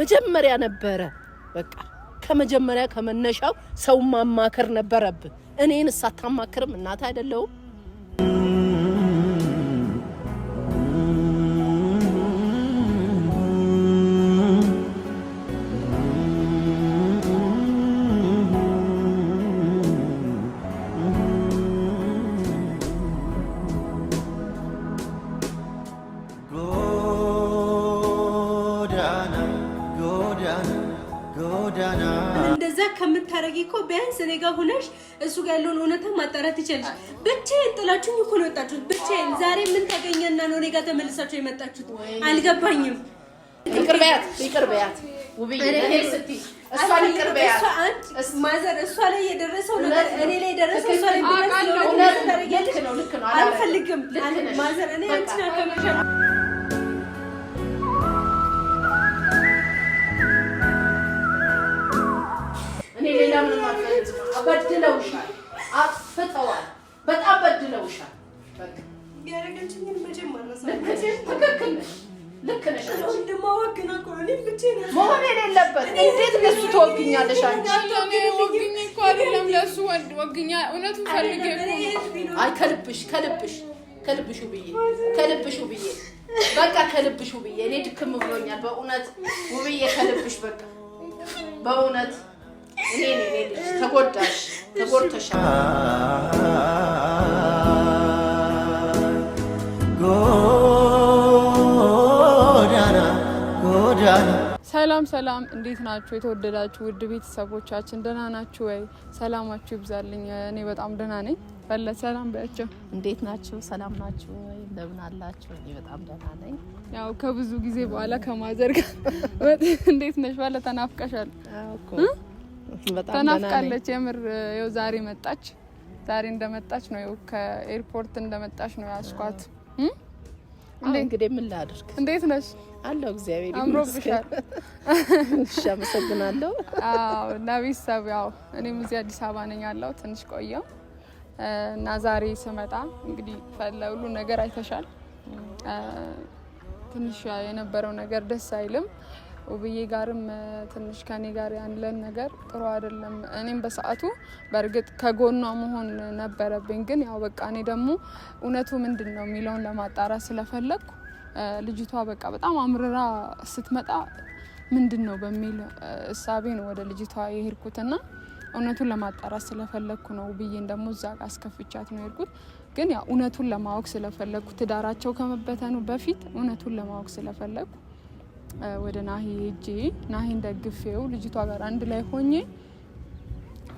መጀመሪያ ነበረ በቃ ከመጀመሪያ ከመነሻው ሰው ማማከር ነበረብ እኔን እሳታማክርም እናት አይደለሁም። ጋር ሆነሽ እሱ ጋር ያለውን እውነታ ማጣራት ይችላል። ብቻዬን ጥላችሁኝ እኮ ነው የወጣችሁት። ብቻዬን ዛሬ ምን ተገኘና ነው እኔ ጋር ተመልሳችሁ የመጣችሁት? አልገባኝም። ይቅር በያት፣ ይቅር በያት ማዘር እሷ ላይ የደረሰው ነገር እኔ ላይ የደረሰው እሷ ላይ ነው። ነው፣ ልክ አልፈልግም። ማዘር እኔ አንቺን አልከመሸም እኔ ሌላ ምንም በድለውሻል፣ አጥፍተዋል፣ በጣም በድለውሻል። ትክክል መሆን የሌለበት እንዴት ለሱ ትወግኛለሽ? አይ ከልብሽ ከልብሽ ከልብሽ ውብዬ ከልብሽ ውብዬ በቃ ከልብሽ ውብዬ፣ እኔ ድክም ብሎኛል በእውነት ውብዬ ከልብሽ በቃ በእውነት ተጎዳሽ፣ ተጎድተሻል። ሰላም ሰላም፣ እንዴት ናችሁ የተወደዳችሁ ውድ ቤተሰቦቻችን? ደህና ናችሁ ወይ? ሰላማችሁ ይብዛልኝ። እኔ በጣም ደህና ነኝ። በለ ሰላም በያቸው። እንዴት ናችሁ? ሰላም ናችሁ ወይ? እንደምን አላችሁ? እኔ በጣም ደህና ነኝ። ያው ከብዙ ጊዜ በኋላ ከማዘርጋ እንዴት ነሽ? ባለ ተናፍቀሻል እኮ ተናፍቃለች የምር ይኸው ዛሬ መጣች። ዛሬ እንደመጣች ነው ይኸው ከኤርፖርት እንደመጣች ነው ያስኳት። እንግዲህ ምን ላድርግ? እንዴት ነሽ? አለሁ እግዚአብሔር አምሮብሻል። እሺ አመሰግናለሁ። አዎ እና ቤተሰብ ያው እኔም እዚህ አዲስ አበባ ነኝ ያለው ትንሽ ቆየው እና ዛሬ ስመጣ እንግዲህ ሁሉ ነገር አይተሻል። ትንሽ የነበረው ነገር ደስ አይልም። ውብዬ ጋርም ትንሽ ከኔ ጋር ያለን ነገር ጥሩ አይደለም። እኔም በሰዓቱ በእርግጥ ከጎኗ መሆን ነበረብኝ፣ ግን ያው በቃ እኔ ደግሞ እውነቱ ምንድን ነው የሚለውን ለማጣራት ስለፈለግኩ ልጅቷ በቃ በጣም አምርራ ስትመጣ ምንድን ነው በሚል እሳቤ ነው ወደ ልጅቷ የሄድኩትና እውነቱን ለማጣራት ስለፈለግኩ ነው። ውብዬን ደግሞ እዛ አስከፍቻት ነው የሄድኩት። ግን ያው እውነቱን ለማወቅ ስለፈለግኩ ትዳራቸው ከመበተኑ በፊት እውነቱን ለማወቅ ስለፈለግኩ ወደ ናሂ ሄጄ ናሂን ደግፌው ልጅቷ ጋር አንድ ላይ ሆኜ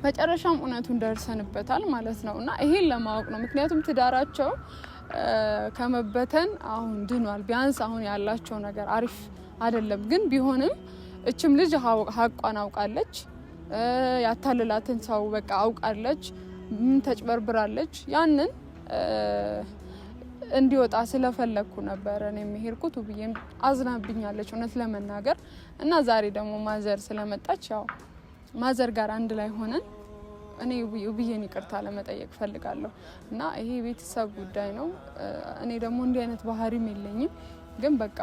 መጨረሻም እውነቱን ደርሰንበታል ማለት ነው። እና ይሄን ለማወቅ ነው። ምክንያቱም ትዳራቸው ከመበተን አሁን ድኗል። ቢያንስ አሁን ያላቸው ነገር አሪፍ አይደለም፣ ግን ቢሆንም እችም ልጅ ሀቋን አውቃለች። ያታልላትን ሰው በቃ አውቃለች። ምን ተጭበርብራለች ያንን እንዲወጣ ስለፈለግኩ ነበር እኔ የሚሄድኩት። ውብዬም አዝናብኛለች እውነት ለመናገር እና ዛሬ ደግሞ ማዘር ስለመጣች ያው ማዘር ጋር አንድ ላይ ሆነን እኔ ውብዬን ይቅርታ ለመጠየቅ ፈልጋለሁ እና ይሄ የቤተሰብ ጉዳይ ነው። እኔ ደግሞ እንዲህ አይነት ባህሪም የለኝም፣ ግን በቃ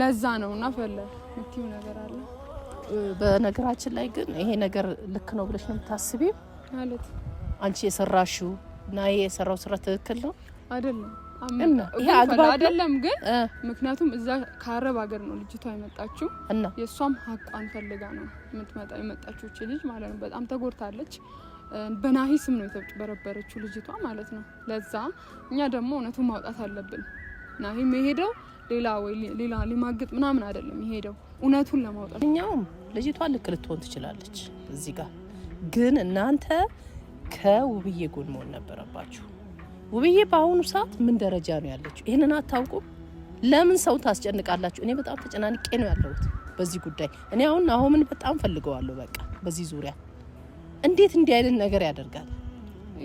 ለዛ ነው እና ፈለ ምትዩ ነገር አለ። በነገራችን ላይ ግን ይሄ ነገር ልክ ነው ብለሽ ነው የምታስቢው? ማለት አንቺ የሰራሽው እና ይሄ የሰራው ስራ ትክክል ነው አይደለም ይሄ አግባብ አይደለም። ግን ምክንያቱም እዛ ከአረብ ሀገር ነው ልጅቷ የመጣችው እና የእሷም ሀቋን ፈልጋ ነው የምትመጣ የመጣችው እቺ ልጅ ማለት ነው። በጣም ተጎድታለች። በናሂ ስም ነው የተበረበረችው ልጅቷ ማለት ነው። ለዛ እኛ ደግሞ እውነቱን ማውጣት አለብን። ናሂ የሄደው ሌላ ወይ ሌላ ሊማግጥ ምናምን አይደለም የሄደው እውነቱን ለማውጣት። እኛውም ልጅቷ ልክ ልትሆን ትችላለች እዚህ ጋር ግን እናንተ ከውብዬ ጎን መሆን ነበረባችሁ። ውብዬ በአሁኑ ሰዓት ምን ደረጃ ነው ያለችው? ይህንን አታውቁም? ለምን ሰው ታስጨንቃላችሁ? እኔ በጣም ተጨናንቄ ነው ያለሁት በዚህ ጉዳይ። እኔ አሁን አሁምን በጣም ፈልገዋለሁ። በቃ በዚህ ዙሪያ እንዴት እንዲህ አይነት ነገር ያደርጋል?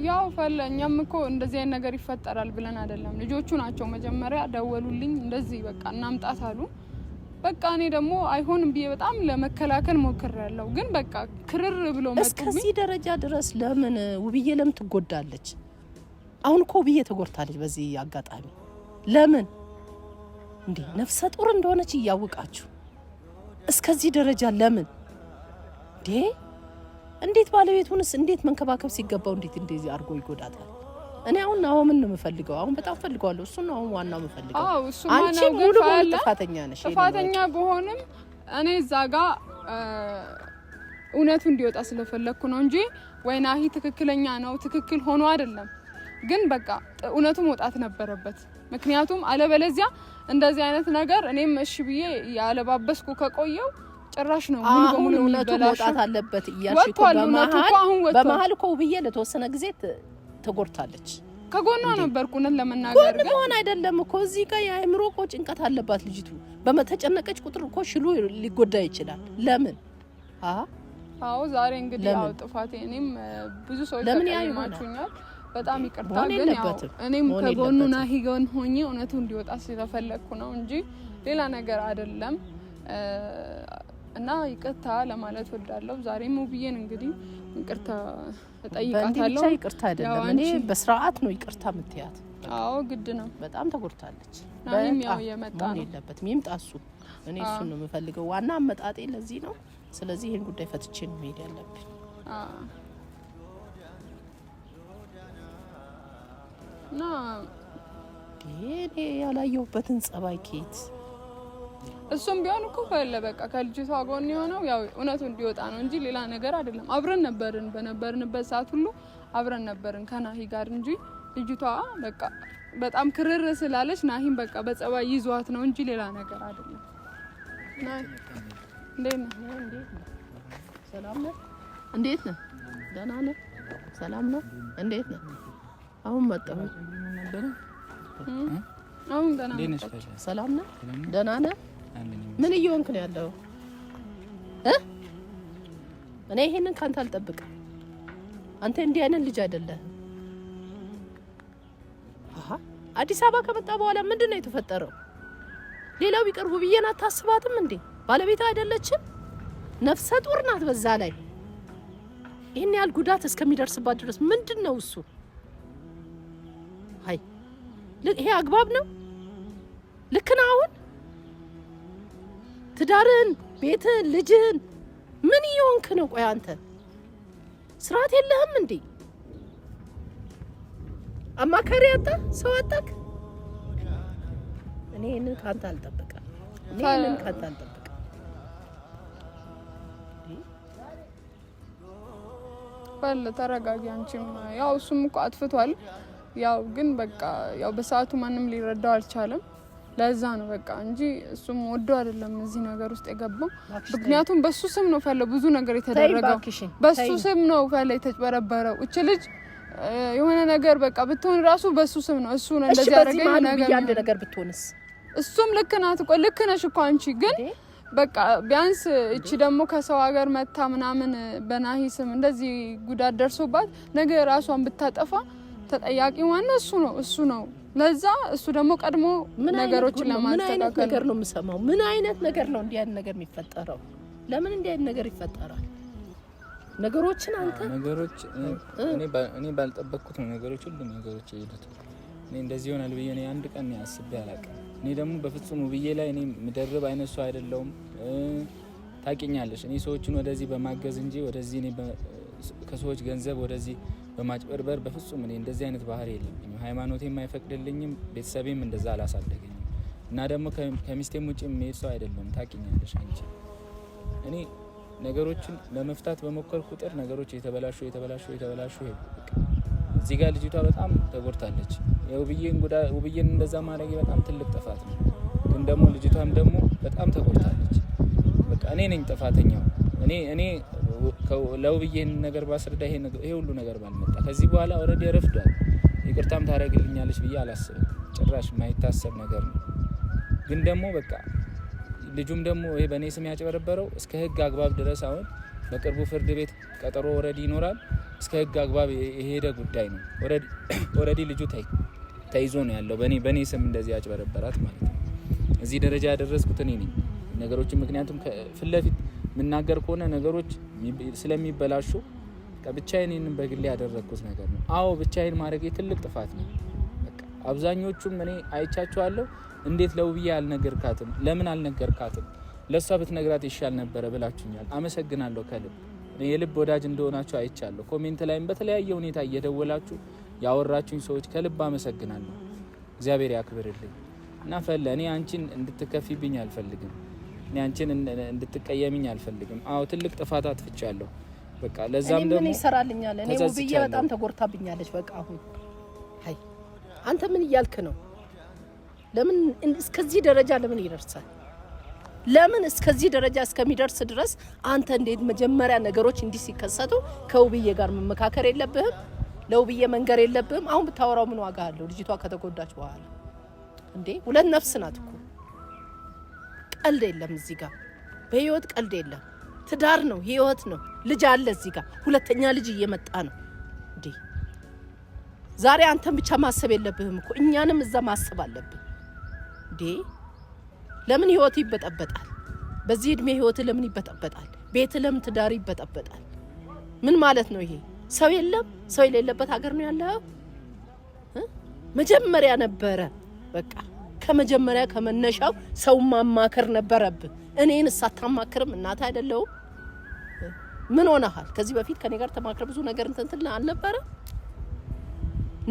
ያው ፈለ እኛም እኮ እንደዚህ አይነት ነገር ይፈጠራል ብለን አይደለም። ልጆቹ ናቸው መጀመሪያ ደወሉልኝ፣ እንደዚህ በቃ እናምጣት አሉ። በቃ እኔ ደግሞ አይሆንም ብዬ በጣም ለመከላከል ሞክሬያለሁ፣ ግን በቃ ክርር ብሎ መጡብኝ። እስከዚህ ደረጃ ድረስ ለምን ውብዬ ለምን ትጎዳለች? አሁን እኮ ውብዬ ተጎድታለች። በዚህ አጋጣሚ ለምን እንዴ ነፍሰ ጡር እንደሆነች እያወቃችሁ እስከዚህ ደረጃ ለምን እንዴ? እንዴት ባለቤቱንስ እንዴት መንከባከብ ሲገባው እንዴት እንደዚህ አድርጎ ይጎዳታል? እኔ አሁን ናሆምን ነው የምፈልገው። አሁን በጣም ፈልገዋለሁ። እሱ ነው አሁን ዋናው የምፈልገው። አንቺ ሙሉ በሙሉ ጥፋተኛ ነሽ። ጥፋተኛ በሆንም እኔ እዛ ጋ እውነቱ እንዲወጣ ስለፈለግኩ ነው እንጂ ወይ ናሂ ትክክለኛ ነው ትክክል ሆኖ አይደለም ግን በቃ እውነቱ መውጣት ነበረበት። ምክንያቱም አለበለዚያ እንደዚህ አይነት ነገር እኔም እሺ ብዬ ያለባበስኩ ከቆየው ጭራሽ ነው ሙሉ በሙሉ እውነቱ መውጣት አለበት እያልሽ እኮ በመሀል እኮ ብዬ ለተወሰነ ጊዜ ተጎድታለች። ከጎኗ ነበርኩ እውነት ለመናገር ጎን መሆን አይደለም እኮ እዚህ ጋር የአእምሮ እኮ ጭንቀት አለባት ልጅቱ። በመተጨነቀች ቁጥር እኮ ሽሉ ሊጎዳ ይችላል። ለምን አዎ ዛሬ እንግዲህ ያው ጥፋቴ እኔም ብዙ ሰዎች ለምን ያዩኛል በጣም ይቅርታ ግን ያው እኔም ከጎኑ ናሂ ጎን ሆኜ እውነቱ እንዲወጣ ስለፈለግኩ ነው እንጂ ሌላ ነገር አይደለም። እና ይቅርታ ለማለት ወዳለሁ። ዛሬ ሙብዬን እንግዲህ ይቅርታ እጠይቃታለሁ። ይቅርታ አይደለም እኔ በስርዓት ነው ይቅርታ የምትያት። አዎ ግድ ነው። በጣም ተጎድታለች። ናሂም ያው የመጣ ነው የለበትም ይምጣ እሱ። እኔ እሱን ነው የምፈልገው። ዋና አመጣጤ ለዚህ ነው። ስለዚህ ይህን ጉዳይ ፈትቼ ነው መሄድ ያለብኝ። ያላየሁበትን ጸባይ ኬት እሱም ቢሆን እኮ ፈለ በቃ ከልጅቷ ጎን የሆነው ያው እውነቱ እንዲወጣ ነው እንጂ ሌላ ነገር አይደለም። አብረን ነበርን፣ በነበርንበት ሰዓት ሁሉ አብረን ነበርን ከናሂ ጋር እንጂ ልጅቷ በቃ በጣም ክርር ስላለች ናሂም በቃ በጸባይ ይዟት ነው እንጂ ሌላ ነገር አይደለም። እንዴት ነህ? ደህና ነህ? ሰላም ነህ? እንዴት ነህ? አሁን መጣሁ። አሁን ገና ሰላም ነህ? ደህና ነህ? ምን እየሆንክ ነው ያለው? እኔ ይሄንን ካንተ አልጠብቅም። አንተ እንዲህ አይነት ልጅ አይደለህም። አዲስ አበባ ከመጣ በኋላ ምንድን ነው የተፈጠረው? ሌላው ቢቀርቡ ብዬን አታስባትም እንዴ? ባለቤት አይደለችም? ነፍሰ ጡር ናት። በዛ ላይ ይህን ያህል ጉዳት እስከሚደርስባት ድረስ ምንድን ነው እሱ? ይሄ አግባብ ነው? ልክ ነው? አሁን ትዳርን ቤትን ልጅህን ምን እየሆንክ ነው? ቆይ አንተ ስርዓት የለህም እንዴ? አማካሪ አጣ፣ ሰው አጣክ። እኔ ይህንን ከአንተ አልጠብቅም። እኔ ይህንን ከአንተ አልጠብቅም። በል ተረጋጊ። አንቺም ያው እሱም እኮ አጥፍቷል። ያው ግን በቃ ያው በሰዓቱ ማንም ሊረዳው አልቻለም። ለዛ ነው በቃ እንጂ እሱም ወዶ አይደለም እዚህ ነገር ውስጥ የገባው። ምክንያቱም በሱ ስም ነው ፈለ ብዙ ነገር የተደረገው፣ በሱ ስም ነው ፈለ የተጭበረበረው። እች ልጅ የሆነ ነገር በቃ ብትሆን ራሱ በሱ ስም ነው እሱ ነው እንደዚህ ያደረገኝ ነገር አንድ ነገር ብትሆንስ እሱም ልክ ናት እኮ ልክ ነሽ እኮ አንቺ ግን በቃ ቢያንስ እቺ ደግሞ ከሰው ሀገር መታ ምናምን በናሂ ስም እንደዚህ ጉዳት ደርሶባት ነገ ራሷን ብታጠፋ ተጠያቂ ዋና እሱ ነው እሱ ነው። ለዛ እሱ ደግሞ ቀድሞ ነገሮችን ለማስተካከል ምን አይነት ነገር ነው የምሰማው? ምን አይነት ነገር ነው እንዲህ አይነት ነገር የሚፈጠረው? ለምን እንዲህ አይነት ነገር ይፈጠራል? ነገሮችን አንተ ነገሮች እኔ ባልጠበቅኩት ነው ነገሮች ሁሉ ነገሮች የሄዱት። እኔ እንደዚህ ይሆናል ብዬ እኔ አንድ ቀን አስቤ አላውቅም። እኔ ደግሞ በፍጹም ውብዬ ላይ እኔ ምደርብ አይነሱ ሰው አይደለሁም። ታውቂኛለሽ፣ እኔ ሰዎችን ወደዚህ በማገዝ እንጂ ወደዚህ እኔ ከሰዎች ገንዘብ ወደዚህ በማጭበርበር በፍጹም እኔ እንደዚህ አይነት ባህሪ የለኝም። ሃይማኖቴም አይፈቅድልኝም፣ ቤተሰቤም እንደዛ አላሳደገኝም እና ደግሞ ከሚስቴም ውጭ የሚሄድ ሰው አይደለም። ታውቂኛለሽ አንቺ። እኔ ነገሮችን ለመፍታት በሞከር ቁጥር ነገሮች የተበላሹ የተበላሹ የተበላሹ ሄዱ። እዚህ ጋር ልጅቷ በጣም ተጎድታለች። ውብዬን እንደዛ ማድረግ በጣም ትልቅ ጥፋት ነው። ግን ደግሞ ልጅቷም ደግሞ በጣም ተጎድታለች። በቃ እኔ ነኝ ጥፋተኛው እኔ እኔ ለውብዬ ነገር ባስረዳ ይሄ ሁሉ ነገር ባልመጣ። ከዚህ በኋላ ኦልሬዲ ረፍዷል። ይቅርታም ታደርግልኛለች ብዬ አላስብም። ጭራሽ የማይታሰብ ነገር ነው። ግን ደግሞ በቃ ልጁም ደግሞ ይሄ በእኔ ስም ያጭበረበረው እስከ ህግ አግባብ ድረስ አሁን በቅርቡ ፍርድ ቤት ቀጠሮ ኦልሬዲ ይኖራል። እስከ ህግ አግባብ የሄደ ጉዳይ ነው። ኦልሬዲ ልጁ ተይዞ ነው ያለው። በእኔ በእኔ ስም እንደዚህ ያጭበረበራት ማለት ነው። እዚህ ደረጃ ያደረስኩት እኔ ነኝ ነገሮችን ምክንያቱም ፊት ለፊት የምናገር ከሆነ ነገሮች ስለሚበላሹ ብቻዬን ይህንን በግሌ ያደረግኩት ነገር ነው። አዎ ብቻዬን ማድረግ ትልቅ ጥፋት ነው። አብዛኞቹም እኔ አይቻችኋለሁ። እንዴት ለውብዬ አልነገርካትም? ለምን አልነገርካትም? ለእሷ ብትነግራት ይሻል ነበረ ብላችሁኛል። አመሰግናለሁ ከልብ የልብ ወዳጅ እንደሆናችሁ አይቻለሁ። ኮሜንት ላይም በተለያየ ሁኔታ እየደወላችሁ ያወራችሁኝ ሰዎች ከልብ አመሰግናለሁ። እግዚአብሔር ያክብርልኝ እና ፈለ እኔ አንቺን እንድትከፊብኝ አልፈልግም። እኔ አንቺን እንድትቀየሚኝ አልፈልግም። አዎ ትልቅ ጥፋት አጥፍቻለሁ። በቃ ለዛም ደግሞ እኔ ይሰራልኛል? እኔ ውብዬ በጣም ተጎርታብኛለች። በቃ አሁን አይ አንተ ምን እያልክ ነው? ለምን እስከዚህ ደረጃ ለምን ይደርሳል? ለምን እስከዚህ ደረጃ እስከሚደርስ ድረስ አንተ እንዴት መጀመሪያ ነገሮች እንዲህ ሲከሰቱ ከውብዬ ጋር መመካከር የለብህም? ለውብዬ መንገር የለብህም? አሁን ብታወራው ምን ዋጋ አለው? ልጅቷ ከተጎዳች በኋላ እንዴ ሁለት ነፍስ ናት እኮ ቀልድ የለም እዚህ ጋር በህይወት ቀልድ የለም። ትዳር ነው፣ ህይወት ነው። ልጅ አለ እዚህ ጋር ሁለተኛ ልጅ እየመጣ ነው። እንዴ ዛሬ አንተን ብቻ ማሰብ የለብህም እኮ እኛንም እዛ ማሰብ አለብህ። እንዴ ለምን ህይወት ይበጠበጣል? በዚህ እድሜ ህይወት ለምን ይበጠበጣል? ቤት ለምን ትዳር ይበጠበጣል? ምን ማለት ነው ይሄ? ሰው የለም ሰው የሌለበት ሀገር ነው ያለው። መጀመሪያ ነበረ በቃ ከመጀመሪያ ከመነሻው ሰው ማማከር ነበረብን። እኔን ሳታማክርም እናት አይደለሁም። ምን ሆነሃል? ከዚህ በፊት ከኔ ጋር ተማክረ ብዙ ነገር እንትንትል አልነበረ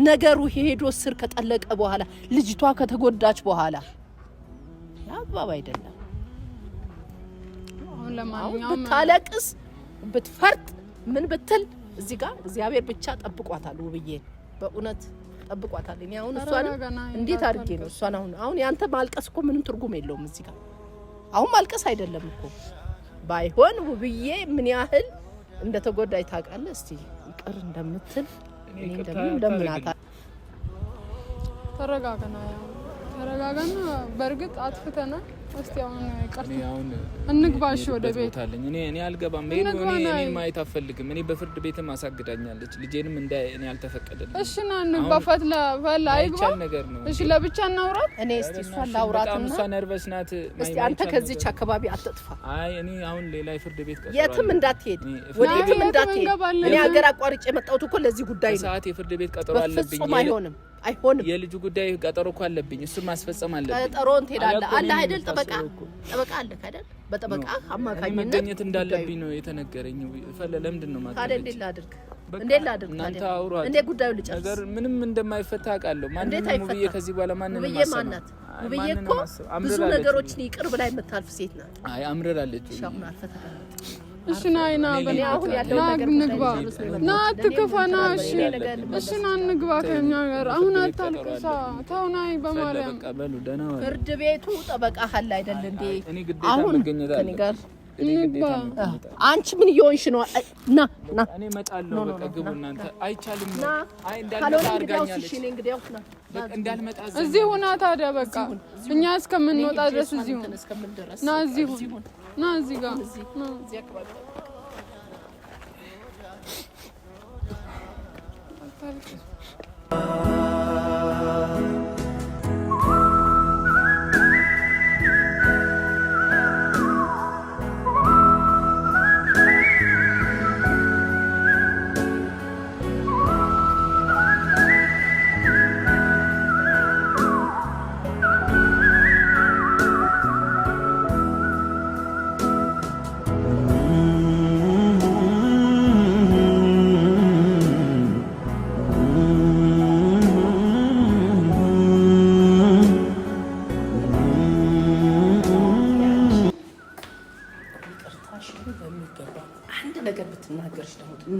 ነገሩ ሄዶ ስር ከጠለቀ በኋላ ልጅቷ ከተጎዳች በኋላ አባብ አይደለም። ብታለቅስ ብትፈርጥ ምን ብትል እዚህ ጋር እግዚአብሔር ብቻ ጠብቋታል ውብዬ በእውነት ጠብቋታል። እኔ አሁን እሷን እንዴት አድርጌ ነው እሷን አሁን አሁን ያንተ ማልቀስ እኮ ምንም ትርጉም የለውም እዚህ ጋር አሁን ማልቀስ አይደለም እኮ ባይሆን ውብዬ ምን ያህል እንደ ተጎዳይ ታውቃለህ። እስቲ ይቅር እንደምትል እኔ ደግሞ እንደምናታ ተረጋገና ተረጋጋና በእርግጥ አጥፍተናል። እስቲ አሁን ቀርቶ እንግባሽ ወደ ቤት አለኝ። እኔ እኔ አልገባም። እኔ ማየት አፈልግም። እኔ በፍርድ ቤትም አሳግዳኛለች። ልጄንም እንደ እኔ አልተፈቀደልኝ። እሺ ና እንግባ። ፈትላ ፈላ አይግባ ነገር ነው። እሺ ለብቻ እናውራት። እኔ እስቲ እሷን ላውራት እሷ ነርቨስ ናት። እስቲ አንተ ከዚች አካባቢ አትጥፋ። አይ እኔ አሁን ሌላ የፍርድ ቤት ቀርቶ የትም እንዳትሄድ፣ ወዴትም እንዳትሄድ። እኔ ሀገር አቋርጬ የመጣሁት እኮ ለዚህ ጉዳይ ነው። ሰዓት የፍርድ ቤት ቀጠሮ አለብኝ። አይሆንም አይሆንም። የልጁ ጉዳይ ቀጠሮ እኮ አለብኝ፣ እሱን ማስፈጸም አለብኝ። ቀጠሮን ትሄዳለህ አለ አይደል? ጠበቃ ጠበቃ አለ አይደል? በጠበቃ አማካኝነት መገኘት እንዳለብኝ ነው የተነገረኝ። ፈለ ለምንድን ነው ማድረግ አይደል? ላድርግ እንዴት ላድርግ? እናንተ አውሩ። እንዴት ጉዳዩ ልጨርስ ነገር ምንም እንደማይፈታ አውቃለሁ። ማንም ውብዬ ከዚህ በኋላ ማንንም ውብዬ ማናት? ውብዬ እኮ ብዙ ነገሮችን ይቅር ብላ የምታልፍ ሴት ናት። አይ አምርራለች። ሻሁን አልፈታ እሺ ና ና ንግባ እንግባ ና አትከፋ ና እሺ እሺ ና ከኛ ጋር አሁን አታልቅሳ ተው ናይ በማርያም ፍርድ ቤቱ ጠበቃ ሀል አይደል እንዴ አሁን ከኔ ጋር አንቺ ምን እየሆንሽ ነው ና ና እኔ እመጣለሁ በቃ ግቡ እናንተ አይቻልም አይ እንዳልመጣ አድርጋኛለች እዚህ ሁና ታዲያ በቃ እኛ እስከምንወጣ ድረስ እዚሁ ና እዚሁ Não, Ziga. Não, Ziga, que vai Ai, para.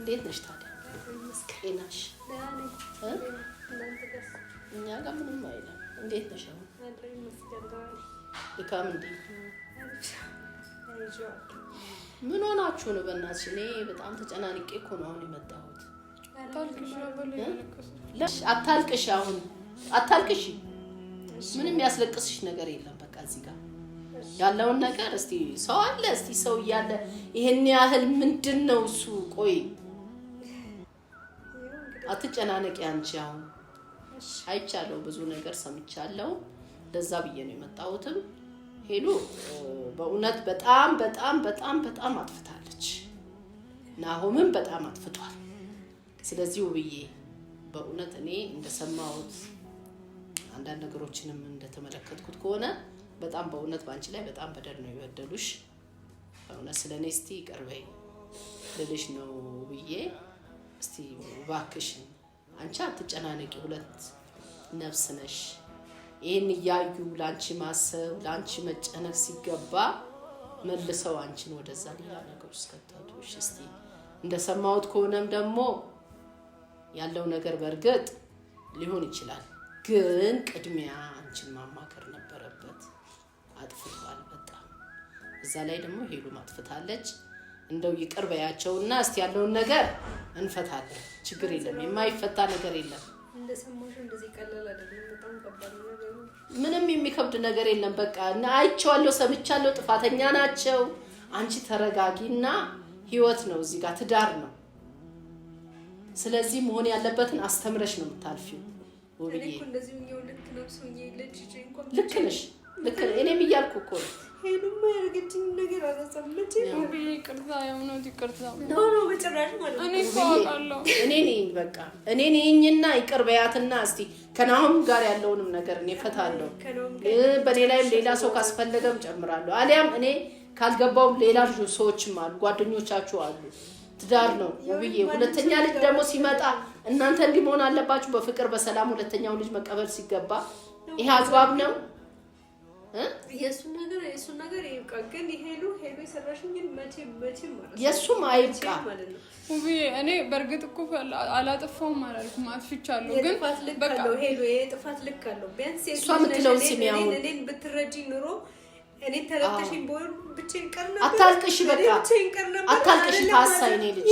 እንዴት ነሽ ታዲያ? ጤናሽ? እኛ ጋር ምንም አይልም። እንዴት ነሽ? አሁን እንዴት ነው? ምን ሆናችሁ ነው? በእናትሽ እኔ በጣም ተጨናንቄ እኮ ነው አሁን የመጣሁት። አታልቅሽ፣ አሁን አታልቅሽ። ምንም ያስለቅስሽ ነገር የለም። በቃ እዚህ ጋር ያለውን ነገር እስቲ ሰው አለ እስቲ ሰው እያለ ይሄን ያህል ምንድን ነው እሱ? ቆይ አትጨናነቂ አንቺ። አሁን አይቻለው ብዙ ነገር ሰምቻለው። ለዛ ብዬ ነው የመጣሁትም። ሄሉ በእውነት በጣም በጣም በጣም በጣም አጥፍታለች። ናሆምም በጣም አጥፍቷል። ስለዚህ ውብዬ በእውነት እኔ እንደሰማሁት አንዳንድ ነገሮችንም እንደተመለከትኩት ከሆነ በጣም በእውነት በአንቺ ላይ በጣም በደር ነው የበደሉሽ። በእውነት ስለ እኔ እስቲ ይቅር ልልሽ ነው ብዬ እስቲ እባክሽን አንቺ አትጨናነቂ፣ ሁለት ነፍስ ነሽ። ይህን እያዩ ለአንቺ ማሰብ ለአንቺ መጨነቅ ሲገባ መልሰው አንቺን ወደዛ ሌላ ነገር ውስጥ ከተቱሽ። እስቲ እንደሰማሁት ከሆነም ደግሞ ያለው ነገር በእርግጥ ሊሆን ይችላል፣ ግን ቅድሚያ አንቺን ማማከር ነው አጥፍቷል። በጣም እዛ ላይ ደግሞ ሄሉም ማጥፍታለች። እንደው ይቅር በያቸውና እስቲ ያለውን ነገር እንፈታለን። ችግር የለም፣ የማይፈታ ነገር የለም። ምንም የሚከብድ ነገር የለም። በቃ እና አይቼዋለሁ፣ ሰምቻለሁ። ጥፋተኛ ናቸው። አንቺ ተረጋጊና፣ ህይወት ነው እዚህ ጋር ትዳር ነው። ስለዚህ መሆን ያለበትን አስተምረሽ ነው የምታልፊው። ልክ ነሽ። ልክ ነህ። እኔም እያልኩ እኮ ነው። ሄሉማ ያደረገችኝ ነገር አላሰመች ቅርታ የእውነት ይቅርታ በጭራሽ እኔ ነኝ በቃ እኔ ነኝና ይቅር በያትና እስቲ ከናሁም ጋር ያለውንም ነገር እኔ ፈታለሁ። በእኔ ላይም ሌላ ሰው ካስፈለገም ጨምራለሁ። አሊያም እኔ ካልገባውም ሌላ ሰዎችም አሉ፣ ጓደኞቻችሁ አሉ። ትዳር ነው ውብዬ። ሁለተኛ ልጅ ደግሞ ሲመጣ እናንተ እንዲህ መሆን አለባችሁ። በፍቅር በሰላም ሁለተኛው ልጅ መቀበል ሲገባ ይሄ አግባብ ነው። የእሱን ነገር የእሱን ነገር ይብቃ። ግን ሄሉ ሄሉ የሰራሽኝን መቼ መቼ ማለት የእሱም አይብቃ ማለት ነው። እኔ በእርግጥ እኮ አላጠፋሁም አላልኩም፣ አጥፍቻለሁ። ግን ሄሉ የጥፋት ልክ አለው። ቢያንስ እሷ አሁን እኔን ኑሮ እኔ ተረተሽኝ ብቻዬን ቀር ነበር። አታልቅሽ፣ በቃ አታልቅሽ። ታሳ እኔ ልጅ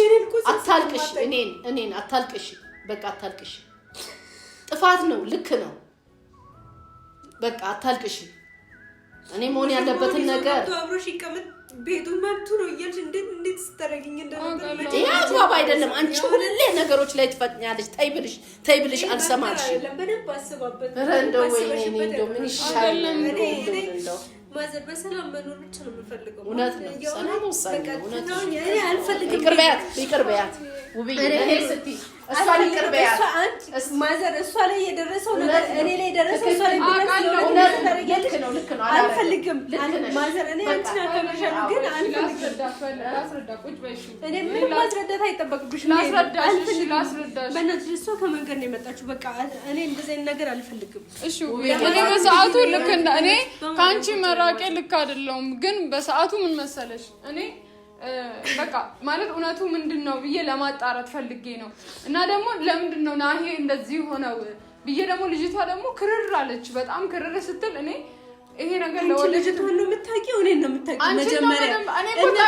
አታልቅሽ፣ እኔን እኔን አታልቅሽ፣ በቃ አታልቅሽ። ጥፋት ነው፣ ልክ ነው። በቃ አታልቅሽ። እኔ መሆን ያለበትን ነገር አብሮሽ ይቀመጥ ቤቱ መብቱ ነው እያልሽ እንዴት እንዴት ስታደርጊኝ እንደነበር ይሄ አግባብ አይደለም። አንቺ ሁሌ ነገሮች ላይ ትፈጥኛለሽ። ተይ ብልሽ ተይ ብልሽ አልሰማልሽ። ኧረ እንደው ወይኔ እንደው ምን ይሻላል? ማዘር በሰላም መኖር ብቻ ነው የምፈልገው። እውነት ነው፣ ሰላም ወሳኝ ነው። እውነት ነው። ይቅር በያት፣ ይቅር በያት ውብዬ ስትይ ማዘር እሷ ላይ የደረሰው ነገር እኔ ላይ የደረሰው እሷ ላይ ነው። ልክ ነው። አልፈልግም ማዘር እኔ አንቺን አከብርሻለሁ፣ ግን እኔ ምንም ማስረዳት አይጠበቅብሽም። በእናትሽ እሷ ከመንገድ ነው የመጣችው። በቃ እኔ እንደዚህ ዓይነት ነገር አልፈልግም። እኔ በሰዓቱ ልክ እንደ እኔ ከአንቺ መራቄ ልክ አይደለውም፣ ግን በሰዓቱ ምን መሰለሽ እኔ በቃ ማለት እውነቱ ምንድን ነው ብዬ ለማጣራት ፈልጌ ነው። እና ደግሞ ለምንድን ነው ናሄ እንደዚህ ሆነው ብዬ ደግሞ ልጅቷ ደግሞ ክርር አለች። በጣም ክርር ስትል እኔ ይሄ ነገር ለወለጅት ሁሉ የምታውቂው እኔ ነው የምታውቂው። መጀመሪያ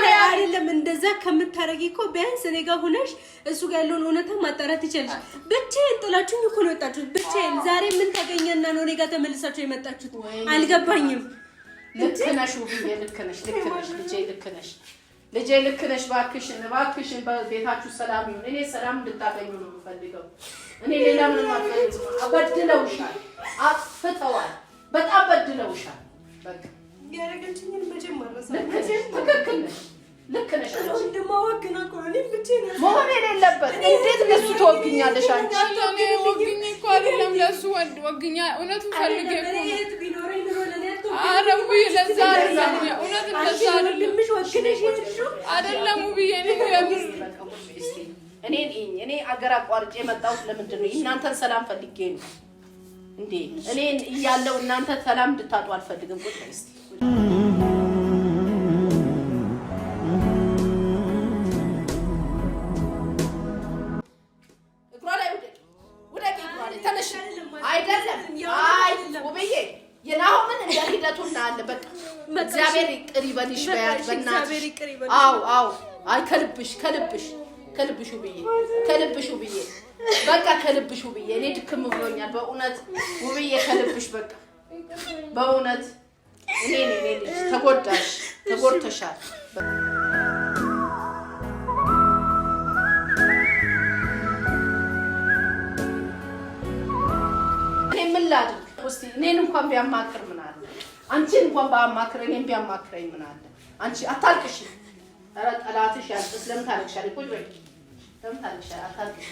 እኔ አይደለም እንደዛ ከምታረጊ እኮ ቢያንስ እኔ ጋር ሆነሽ እሱ ጋር ያለውን እውነታ ማጣራት ይቻልሽ። ብቻዬን ጥላችሁኝ እኮ ነው የወጣችሁት። ብቻዬን ዛሬ ምን ተገኘና ነው እኔ ጋር ተመልሳችሁ የመጣችሁት? አልገባኝም። ልክ ነሽ ውብዬ፣ ልክ ነሽ፣ ልክ ነሽ፣ ልክ ነሽ። ልጄ ልክ ነሽ፣ እባክሽን እባክሽን ቤታችሁ ሰላም ይሁን። እኔ ሰላም እንድታገኙ ነው የምፈልገው። እኔ ሌላ ምንም አልፈልግም። በድለውሻል፣ አጥፍተዋል፣ በጣም በድለውሻል። በቃ ትክክል ነሽ፣ ልክ ነሽ። መሆን የሌለበት እንዴት ለሱ ትወግኛለሽ አንቺ? ወግኝ እኮ አይደለም ለሱ ወግኛ እውነቱን ፈልጌ እኔ አገር አቋርጬ የመጣሁት ለምንድን ነው? እናንተን ሰላም ፈልጌ ነው እንዴ? እኔ እያለሁ እናንተ ሰላም እንድታጡ አልፈልግም። ቁጭ እውነቱ እንዳለ በቃ እግዚአብሔር ይቅር ይበልሽ በያት በእናትሽ። አዎ አዎ፣ አይ ከልብሽ ከልብሽ ከልብሹ ብዬ ከልብሹ ብዬ በቃ ከልብሹ ብዬ እኔ ድክም ብሎኛል በእውነት ውብዬ ከልብሽ በቃ በእውነት እኔ ልጅ ተጎዳሽ ተጎድተሻል። እኔ ምን ላድርግ? እስኪ እኔን እንኳን ቢያማክር ምናምን አንቺ እንኳን ባማክረኝ እኔም ቢያማክረኝ ምን አለ? አንቺ አታልቅሽ። ኧረ ጠላትሽ ያልቅስ። ለምን ታለቅሻለሽ? ቁጭ በይ። ለምን ታለቅሻለሽ? አታልቅሽ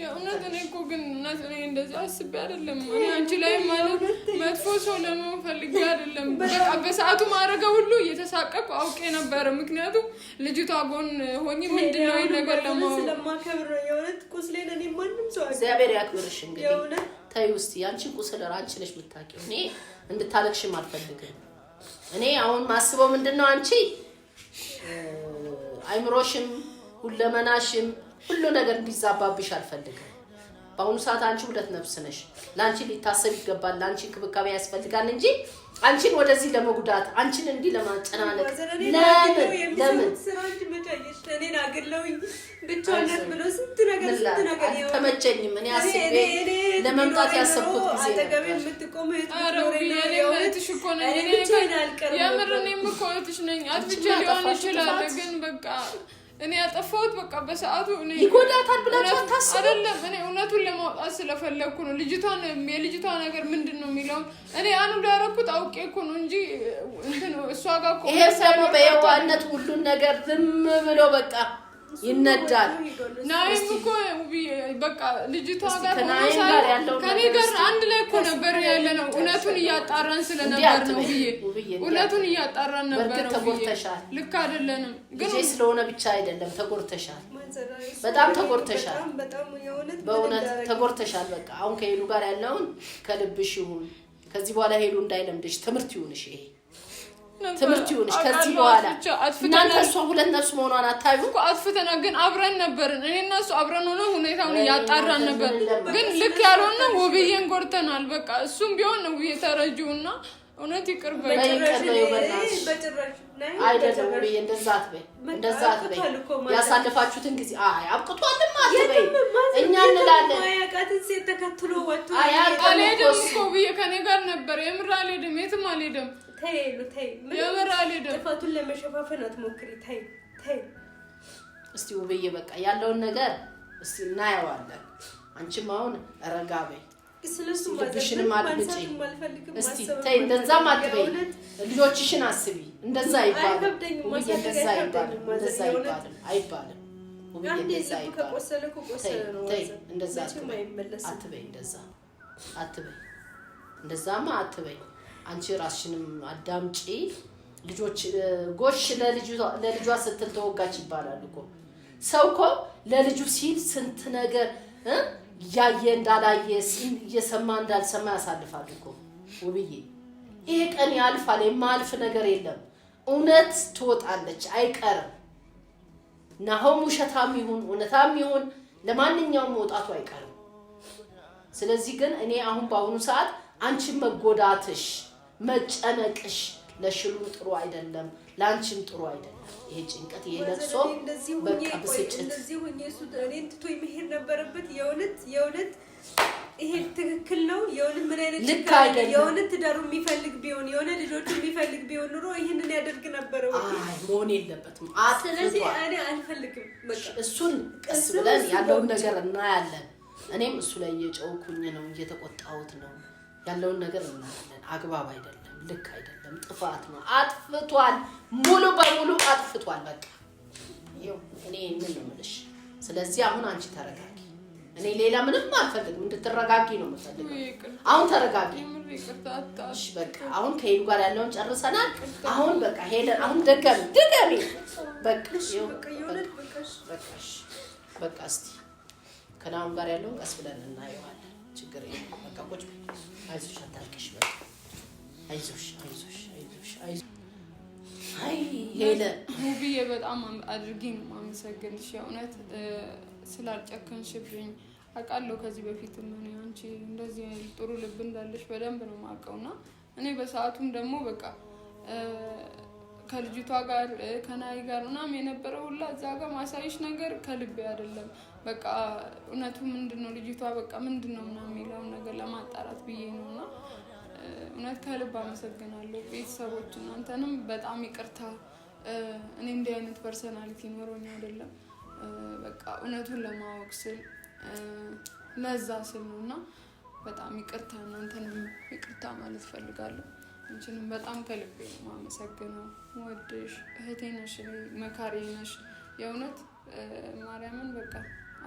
የእውነት እኔ እኮ ግን እውነት እኔ እንደዚህ አስቤ አይደለም። እኔ አንቺ ላይ ማለት መጥፎ ሰው ለመሆን ፈልጌ አይደለም። በቃ በሰዓቱ ማድረገ ሁሉ እየተሳቀቁ አውቄ ነበረ። ምክንያቱም ልጅቷ ጎን ሆኜ ምንድን ነው ነገር ለማወቅ ስለማከብር የእውነት ቁስሌን እኔ ማንም ሰው እግዚአብሔር ያክብርሽ። እንግዲህ ተይ ውስጥ ያንቺ ቁስል አንቺ ነሽ የምታውቂው። እኔ እንድታለቅሽም አልፈልግም። እኔ አሁን ማስበው ምንድን ነው አንቺ አይምሮሽም ሁለመናሽም ሁሉ ነገር እንዲዛባብሽ አልፈልግም። በአሁኑ ሰዓት አንቺ ሁለት ነፍስ ነሽ። ለአንቺ ሊታሰብ ይገባል። ለአንቺ እንክብካቤ ያስፈልጋል እንጂ አንቺን ወደዚህ ለመጉዳት አንቺን እንዲህ ለማጨናነቅ ለምን ለምን ተመቸኝም። እኔ አስቤ ለመምጣት ያሰብኩት ጊዜ በቃ እኔ ያጠፋሁት በቃ በሰዓቱ ይጎዳታል ብላችሁ አታስቡ። አይደለም እኔ እውነቱን ለማውጣት ስለፈለግኩ ነው። ልጅቷን የልጅቷ ነገር ምንድን ነው የሚለውን እኔ አኑ ዳረኩት አውቄ እኮ ነው እንጂ እንትን እሷ ጋር ይሄ ሰሞ በየዋነት ሁሉን ነገር ዝም ብሎ በቃ ይነዳል። ናይም እኮ በቃ ልጅቷ ጋር ከኔ ጋር አንድ ላይ እኮ ነበር ያለ ነው። እውነቱን እያጣራን ስለነበር ነው ብዬ እውነቱን እያጣራን ነበር። ተጎርተሻል። ልክ አይደለንም። ግን ስለሆነ ብቻ አይደለም ተጎርተሻል። በጣም ተጎርተሻል። በእውነት ተጎርተሻል። በቃ አሁን ከሄሉ ጋር ያለውን ከልብሽ ይሁን። ከዚህ በኋላ ሄሉ እንዳይለምድሽ ትምህርት ይሁንሽ ይሄ ትምህርት ይሁንሽ ከዚህ በኋላ እናንተ እሷ ሁለት ነፍስ መሆኗን አታዩ እኮ አጥፍተና ግን አብረን ነበርን። እኔ እና እሱ አብረን ሆነ ሁኔታውን እያጣራን ነበር። ግን ልክ ያልሆነ ውብዬን ጎድተናል። በቃ እሱም ቢሆን ነው የተረጂውና እውነት ይቅር በይ ጊዜ አይ አብቅቷልም አትበይ። እኛ እንላለን አልሄድም እኮ ከኔ ጋር ነበር። የምር አልሄድም፣ የትም አልሄድም ተይ ሄሉ ተይ። የምር አልሄድም። ጥፋቱን ለመሸፋፈን አትሞክሪ። ተይ ተይ። እስቲ ውብዬ በቃ ያለውን ነገር እስቲ እናየዋለን። አንቺም አሁን ረጋ በይ። ልብሽንም አድምጪ እስቲ ተይ። እንደዛም አትበይ። ልጆችሽን አስቢ። እንደዛ አይባልም። አይባልም። እንደዛ አትበይ። እንደዛማ አትበይ አንቺ ራስሽንም አዳምጪ። ልጆች ጎሽ ለልጇ ስትል ተወጋች ይባላል እኮ ሰው እኮ ለልጁ ሲል ስንት ነገር እያየ እንዳላየ እየሰማ እንዳልሰማ ያሳልፋል እኮ ውብዬ። ይሄ ቀን ያልፋል፣ የማልፍ ነገር የለም። እውነት ትወጣለች፣ አይቀርም። ናሆም ውሸታም ይሁን እውነታም ይሁን ለማንኛውም መውጣቱ አይቀርም። ስለዚህ ግን እኔ አሁን በአሁኑ ሰዓት አንቺን መጎዳትሽ መጨነቅሽ ለሽሉም ጥሩ አይደለም፣ ለአንቺም ጥሩ አይደለም። ይሄ ጭንቀት ይሄ ለቅሶ በቃ ብስጭት እንደዚህ ሆኜ እሱ እኔን ትቶ መሄድ ነበረበት። የእውነት የእውነት ይሄ ትክክል ነው። የእውነት ምን አይነት ልክ አይደለም። የእውነት ትዳሩ የሚፈልግ ቢሆን የሆነ ልጆቹ የሚፈልግ ቢሆን ኑሮ ይህንን ያደርግ ነበረ። መሆን የለበትም። ስለዚህ እኔ አልፈልግም። እሱን ቀስ ብለን ያለውን ነገር እናያለን። እኔም እሱ ላይ እየጨውኩኝ ነው፣ እየተቆጣሁት ነው ያለውን ነገር እናያለን። አግባብ አይደለም፣ ልክ አይደለም፣ ጥፋት ነው። አጥፍቷል፣ ሙሉ በሙሉ አጥፍቷል። በቃ ይኸው እኔ ምን ምልሽ። ስለዚህ አሁን አንቺ ተረጋጊ። እኔ ሌላ ምንም አልፈልግም፣ እንድትረጋጊ ነው የምፈልገው። አሁን ተረጋጊ። በቃ አሁን ከሄዱ ጋር ያለውን ጨርሰናል። አሁን በቃ ሄደን አሁን ደገሚ ደገሚ በቃ በቃ እስቲ ከናሁን ጋር ያለውን ቀስ ብለን እናየዋለን። ችግር የለም። በቃ ቁጭ አይዞሽ፣ አታልቅሽ በቃ አይዞሽ ውብዬ በጣም አድርጌ ነው የማመሰግንሽ። የእውነት ስላልጨከንሽብኝ አውቃለሁ። ከዚህ በፊት ምን አንቺ እንደዚህ ጥሩ ልብ እንዳለሽ በደንብ ነው የማውቀው እና እኔ በሰዓቱም ደግሞ በቃ ከልጅቷ ጋር ከናይ ጋር ምናምን የነበረው ሁላ እዛ ጋር ማሳይሽ ነገር ከልቤ አይደለም። በቃ እውነቱ ምንድን ነው ልጅቷ በቃ ምንድን ነው ምናምን የሚለውን ነገር ለማጣራት ብዬ ነው እና እውነት ከልብ አመሰግናለሁ ቤተሰቦች፣ እናንተንም በጣም ይቅርታ። እኔ እንዲህ አይነት ፐርሰናሊቲ ኖሮኝ አይደለም። በቃ እውነቱን ለማወቅ ስል ለዛ ስል ነው እና በጣም ይቅርታ፣ እናንተንም ይቅርታ ማለት ፈልጋለሁ። አንቺንም በጣም ከልቤ ነው የማመሰግነው። ወድሽ እህቴ ነሽ፣ መካሪ ነሽ። የእውነት ማርያምን በቃ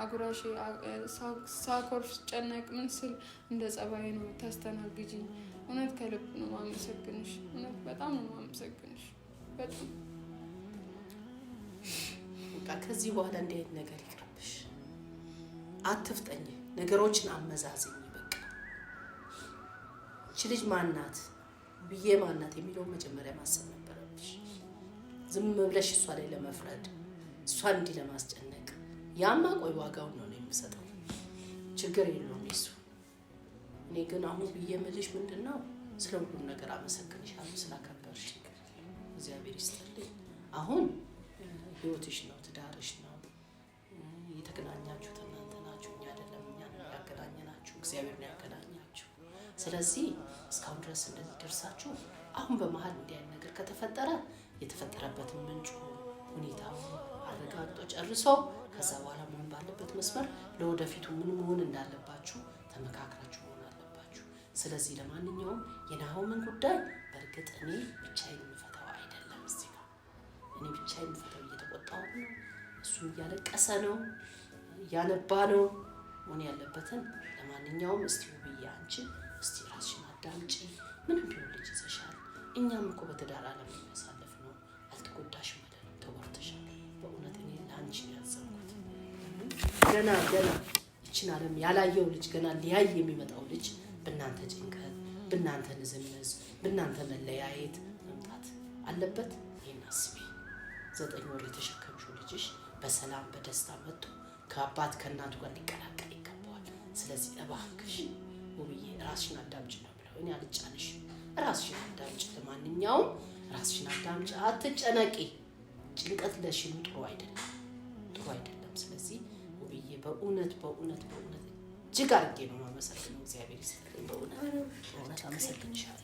አጉራሽ ሳኮር ስጨነቅ ምን ስል እንደ ጸባይ ነው ታስተናግጂኝ። እውነት ከልብ ነው ማመሰግንሽ። እውነት በጣም ነው ማመሰግንሽ። በጣም በቃ ከዚህ በኋላ እንዲህ አይነት ነገር ይቅርብሽ። አትፍጠኝ፣ ነገሮችን አመዛዝኝ። በቃ እች ልጅ ማናት ብዬ ማናት የሚለውን መጀመሪያ ማሰብ ነበረብሽ። ዝም ብለሽ እሷ ላይ ለመፍረድ እሷን እንዲህ ለማስጨነቅ ያማ ቆይ ዋጋውን ነው ነው የምሰጠው። ችግር የለውም የሱ እኔ ግን አሁን ብዬ የምልሽ ምንድን ነው፣ ስለ ሁሉም ነገር አመሰግንሻለሁ ስላከበርሽ። እግዚአብሔር ይስጥልኝ። አሁን ህይወትሽ ነው፣ ትዳርሽ ነው። የተገናኛችሁት እናንተ ናችሁ፣ እኛ አይደለም። እኛ ያገናኘናችሁ እግዚአብሔር ነው ያገናኛችሁ። ስለዚህ እስካሁን ድረስ እንደዚህ ደርሳችሁ፣ አሁን በመሀል እንዲህ ነገር ከተፈጠረ የተፈጠረበትን ምንጩ ሁኔታ አረጋግጦ ጨርሶ ከዛ በኋላ መሆን ባለበት መስመር ለወደፊቱ ምን መሆን እንዳለባችሁ ተመካክራችሁ ስለዚህ ለማንኛውም የናሆምን ጉዳይ በእርግጥ እኔ ብቻዬን የምፈታው አይደለም። እዚህ ጋር እኔ ብቻዬን የምፈታው እየተቆጣሁ ነው፣ እሱ እያለቀሰ ነው፣ እያነባ ነው መሆን ያለበትን። ለማንኛውም እስቲ ውብዬ አንቺ እስቲ ራስሽን አዳምጪ። ምንም ቢሆን ልጅ ይዘሻል። እኛም እኮ በትዳር ዓለም የሚያሳለፍ ነው። አልተጎዳሽም አይደለም፣ ተጎድተሻል። በእውነት እኔ ለአንቺ ያዘንኩት ገና ገና ይችን አለም ያላየው ልጅ ገና ሊያይ የሚመጣው ልጅ በእናንተ ጭንቀት፣ በእናንተ ንዝንዝ፣ በእናንተ መለያየት መምጣት አለበት? ይህን አስቢ። ዘጠኝ ወር የተሸከምሽው ልጅሽ በሰላም በደስታ መጥቶ ከአባት ከእናቱ ጋር ሊቀላቀል ይገባዋል። ስለዚህ እባክሽ ውብዬ ራስሽን አዳምጭ ነው ብለው እኔ አልጫንሽ። ራስሽን አዳምጭ፣ ለማንኛውም ራስሽን አዳምጭ፣ አትጨነቂ። ጭንቀት ለሽኑ ጥሩ አይደለም፣ ጥሩ አይደለም። ስለዚህ ውብዬ በእውነት በእውነት በእውነት እጅግ አድርጌ ነው የማመሰግነው። እግዚአብሔር ይስጥልኝ፣ በእውነት በእውነት አመሰግንሻለሁ።